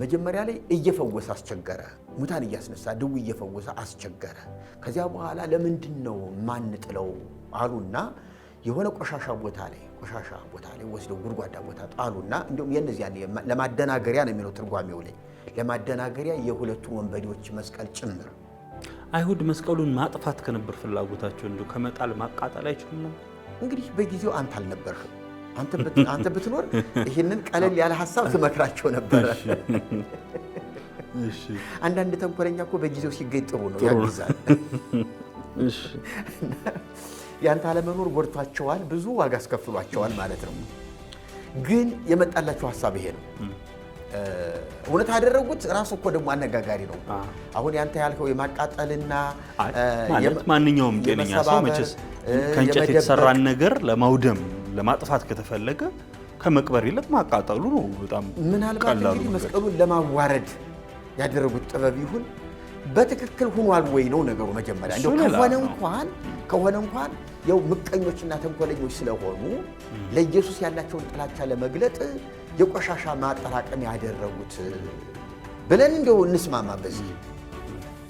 መጀመሪያ ላይ እየፈወሰ አስቸገረ። ሙታን እያስነሳ ድው እየፈወሰ አስቸገረ። ከዚያ በኋላ ለምንድን ነው ማንጥለው አሉና የሆነ ቆሻሻ ቦታ ላይ ቆሻሻ ቦታ ላይ ወስደው ጉድጓዳ ቦታ ጣሉና እንዲሁም የነዚያ ለማደናገሪያ ነው የሚለው ትርጓሜው ላይ ለማደናገሪያ የሁለቱ ወንበዴዎች መስቀል ጭምር። አይሁድ መስቀሉን ማጥፋት ከነበር ፍላጎታቸው እንዲሁ ከመጣል ማቃጠል አይችሉም። እንግዲህ በጊዜው አንተ አልነበርህም አንተ ብትኖር ይህንን ቀለል ያለ ሀሳብ ትመክራቸው ነበረ። አንዳንድ ተንኮለኛ እኮ በጊዜው ሲገኝ ጥሩ ነው፣ ያግዛል። ያንተ አለመኖር ጎድቷቸዋል፣ ብዙ ዋጋ አስከፍሏቸዋል ማለት ነው። ግን የመጣላቸው ሀሳብ ይሄ ነው። እውነት አደረጉት። ራሱ እኮ ደግሞ አነጋጋሪ ነው። አሁን ያንተ ያልከው የማቃጠልና ማንኛውም ጤነኛ ሰው መቼስ ከእንጨት የተሰራን ነገር ለማውደም ለማጥፋት ከተፈለገ ከመቅበር ይልቅ ማቃጠሉ ነው። በጣም ምናልባት እንግዲህ መስቀሉን ለማዋረድ ያደረጉት ጥበብ ይሁን በትክክል ሁኗል ወይ ነው ነገሩ። መጀመሪያ እንደው ከሆነ እንኳን ከሆነ እንኳን ያው ምቀኞችና ተንኮለኞች ስለሆኑ ለኢየሱስ ያላቸውን ጥላቻ ለመግለጥ የቆሻሻ ማጠራቀም ያደረጉት ብለን እንደው እንስማማ በዚህ